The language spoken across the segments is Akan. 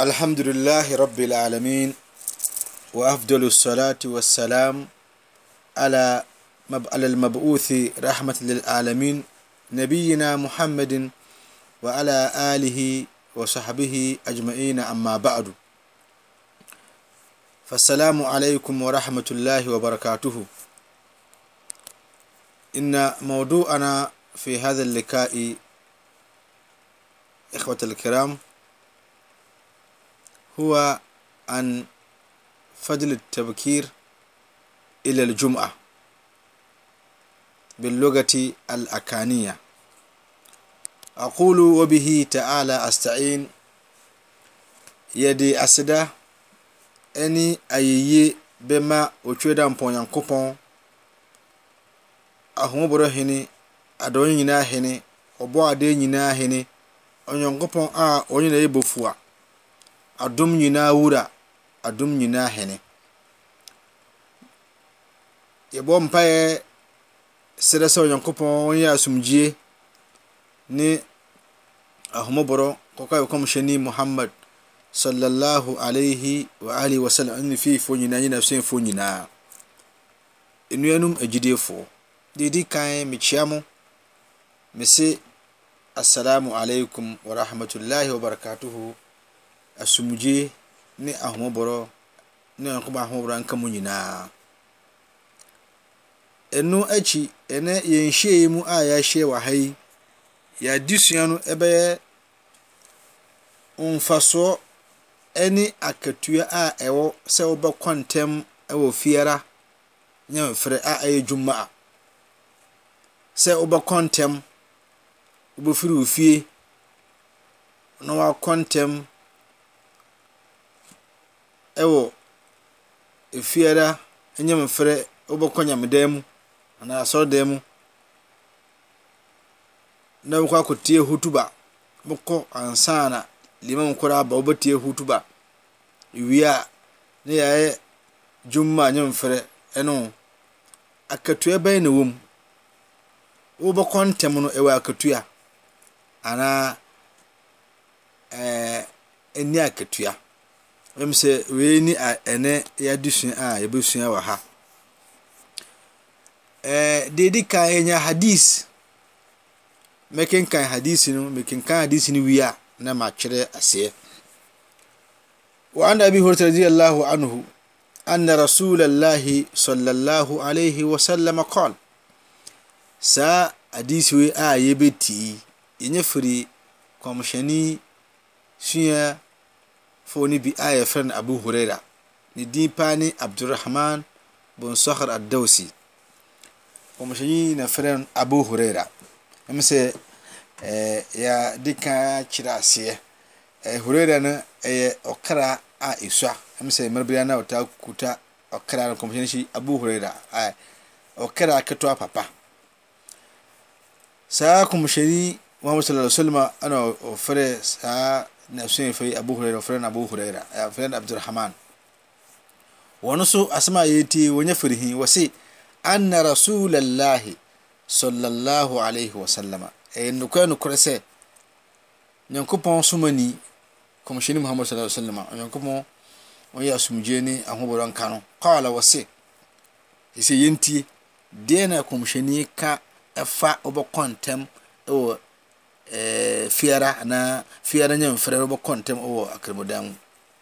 الحمد لله رب العالمين وأفضل الصلاة والسلام على المبعوث رحمة للعالمين نبينا محمد وعلى آله وصحبه أجمعين أما بعد فالسلام عليكم ورحمة الله وبركاته إن موضوعنا في هذا اللقاء إخوة الكرام هو عن فضل التبكير إلى الجمعة باللغة الأكانية أقول وبه تعالى أستعين يدي أسدا أني أيي بما وتشودا مبون ينكوبون أهوبرو هني أدوين ينا هني أبو أدين ينا هني أنيانكوبون آ أنينا يبفوا ayiawainahin bopa seresanyakyasuge ne ahumbsmuha yina nuanu agide fu ika mcam mse asalam alkum warahtlah wabarakatuh asomdwoe ne ahomɔborɔ na nyankopɔn ahomɔborɔ nka mu nyinaa ɛno akyi ɛnɛ yɛn hyiaeɛ mu a yɛahyia wɔ ha yi yɛade sua no ɛbɛyɛ mfasoɔ ne akatua a ɛwɔ sɛ wobɛkɔ ntɛm wɔ fiara ne mfrɛ a ɛyɛ dwuma a sɛ wobɛkɔ ntɛm wobɛfiri wo fie na wakɔ ntɛm ɛw fiara yem ferɛ wobɛkɔ yamedɛmu anaasɔrdemu na b aktie hotu ba bkɔ ansana lima mu kra ba wobtie hotuba ewiea ne yaɛ juma yemfrɛ no akatua bɛina wom wobɛkɔ ntam n w akatua anaa ni akatua eniɛn yaadesua a ysua a ha dedi ka ɛnya hadise mekekan hadise o mekekan hadiseno wia na makyerɛ aseɛ aan abirata rail anh ana rasullahi sa al wasalam call saa adiseei a yebɛtii yɛnya firi komhhɛne sua fone bi ayɛfrɛn abo huraira ne din pane abdurahman bunsoher adasi komeɛyi nafrɛn abo huraira emesɛ yadikaa kyerɛ aseɛhrara n yɛ ɔkra a sua mesɛ mnata kuta krk ab rara kra keta papa saa kmesɛni mha sawsalm nfrɛ sa na sun fai abu huraira fulani abu huraira eh, fren abdurrahman wani so asma ya ti wani firhi wasi anna rasulallahi sallallahu alaihi wasallama e eh, nukwe nukure se nyankopɔn soma ni muhammadu muhammad sallallahu alaihi wasallam nyankopɔn ɔyɛ asomdwee ne ahoborɔ nka no kɔɔla wɔ se ɛsɛ yɛntie deɛ na kɔmhyɛni ka ɛfa wobɛkɔ ntɛm ɛwɔ fiara anaa fiara nyɛ mfrɛ no bɔkɔ ntɛm wɔ akramodan mu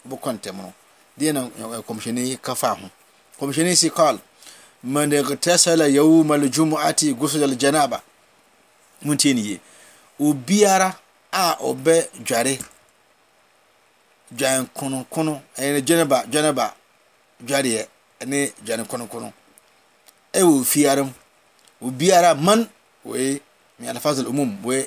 bɔkɔ ntɛm no deɛ eh, na kɔmhyɛni ka fa ho kɔmhyɛni si kɔl eh, man igtasala yawma aljumuati gusla aljanaba montie ne ye obiara a ɔbɛ kono dwan konokono ɛne dwanaba dwanaba dwareɛ ne kono e ɛwɔ fiara mu obiara man wei mialfazal umum wei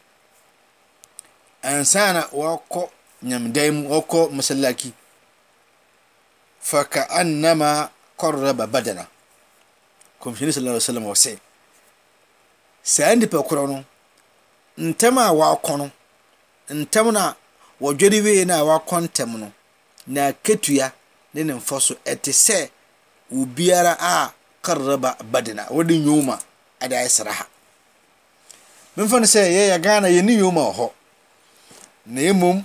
ansana na wakɔ nyamdan mu wakɔ masallaci fa ka annama qarraba badana komishini sallallahu alaihi wasallam wɔ sɛ saa nipa korɔ no ntɛm a wakɔ no ntɛm na wɔdwere wei na wakɔ ntɛm no na ketuya ne ne mfɔ so ɛte sɛ obiara a qarraba badana wɔde nyoma ɛde ayɛ sraha memfa no sɛ yɛyɛ ghana yɛne nyoma wɔ hɔ na mmom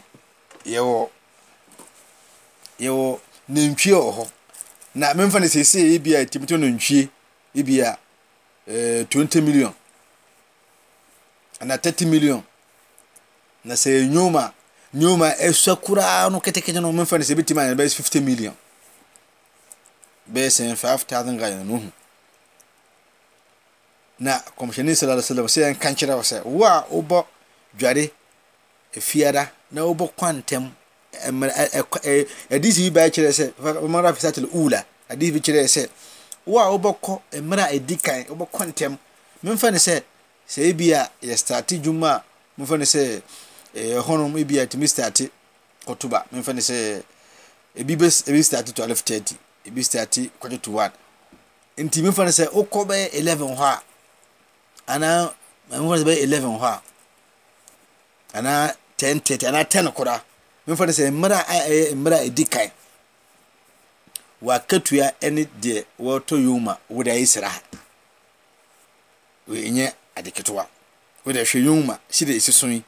yɛwɔ yɛwɔ nantwie wɔ hɔ na memfa no seesei ebi a timitim nantwie ebi a ɛɛ eh, twenty million ana thirty million na sɛ yɛ nyoma nyoma ɛsɛ koraa no ketekete no memfa no sɛ ebi tim a yɛn bɛyɛ fifty million bɛyɛ sɛn five thousand ghana no ho na kɔmhyɛnni sallallahu alaihi wa sallam sɛ yɛn kankyerɛ wɔ sɛ wo a wobɔ dware. fia a wokɔntsɛ w wkɔ mea dka kɔntem mefn sɛ sɛebia ystat ma mensɛ sa a ɛst 0 sat tmensɛ wokɔ1 ɔ ten tete ana ten koraa memfa no sɛ mmerɛ a ɛyɛ mmerɛ a ɛdi kan wakatua ne deɛ wɔtɔ yoma wode ayi sra ɛnyɛ ade ketewa wode hwɛ yoma hyɛ de ɛsi so yi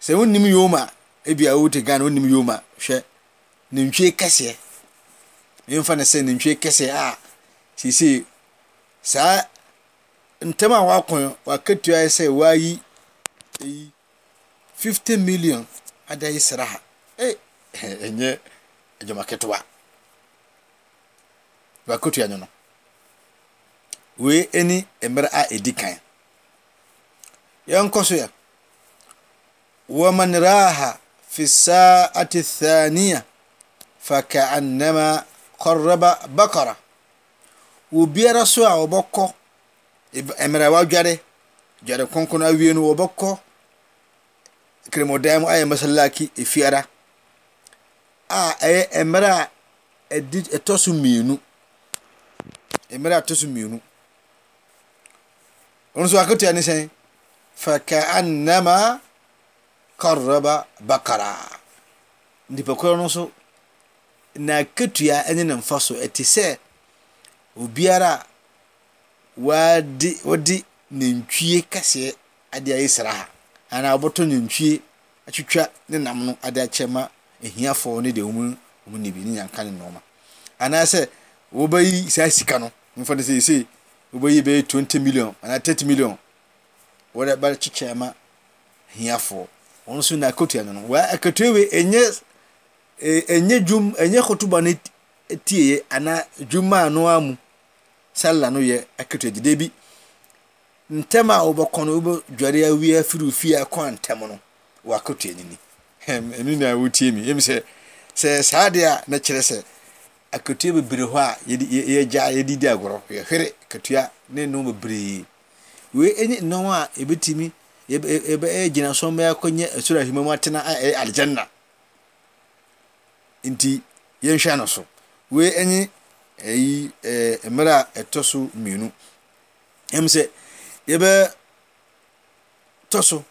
sɛ wonnim yoma ebia wote ghana wonnim yoma hwɛ nantwie kɛseɛ memfa no sɛ nantwie kɛseɛ a seesei saa ntɛm a wakɔn wakatua sɛ wayi ɛyi aer kta akt e n mer adika akos waman raha fi saa ania akaanama kaaa bakara obarasua ookoewakwk kremɔdan mu ayɛ masalaki efiara a ɛyɛ mmerɛ a ɛdi ɛtɔ so mmienu mmerɛ a ɛtɔ so mmienu wɔn nso akotoa ne sɛn fɛkɛ anama kɔrɔba bakara nipakorɔ no nso na ketua ne ne mfa so ɛte sɛ obiara a wadi wɔde nantwie kɛseɛ ade ayɛ sraha anaa wɔbɛtɔ nantwie atwitwa ne nam no ade akyɛ ma ehiafoɔ ne deɛ wɔn wɔn ne bi ne nyanka ne nneɛma anaasɛ wɔbɛyi saa sika no nfa ne sɛ sɛ wɔbɛyi bɛyɛ twenty million anaa thirty million wɔde bɛkyekyɛ ma ehiafoɔ wɔn nso na akotua no no wɔn akotua wei enye e, enye dwom enye kotoba ne tie anaa dwom a ano amu sallah no yɛ akotua gye deebi. ntɛm a wobɛkɔ no wobɛdware awie afiri fie akɔ ntɛm no ni nini ɛno na wotie mi ɛm sɛ sɛ saa deɛ a na kyerɛ sɛ akatua bebree hɔ a yɛgya di agorɔ yɛhwere katua ne nnom bebree wei ɛnye nnɔm a ebe yɛgyina so ma yɛakɔnyɛ asoro ahima mu atena a ɛyɛ algyanna nti yɛnhwɛ no so wei ɛnye ɛyi mmerɛ a ɛtɔ so mmienu ɛm sɛ yɛbɛtɔ so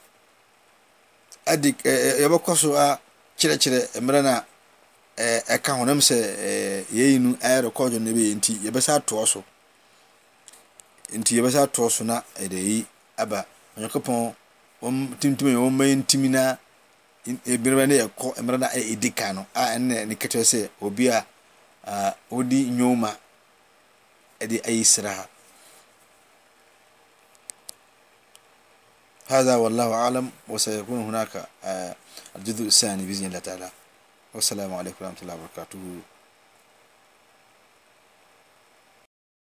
adi yɛbɛkɔ so a kyerɛkyerɛ mmerɛ na ɛka ho nam sɛ yɛyi no ayɛ rekɔdwo no bɛyɛ nti yɛbɛsɛ atoɔ so nti yɛbɛsɛ atoɔ so na ɛde yi aba onyankopɔn tuntum yɛ wɔn mɛyɛ ntumi na mmerɛ no yɛkɔ mmerɛ no ɛdi ka no a ɛnna ne ketewa sɛ obi a ɔdi nnwoma ɛde ayi sra هذا والله أعلم وسيكون هناك آه، الجزء الثاني بإذن الله تعالى والسلام عليكم ورحمة الله وبركاته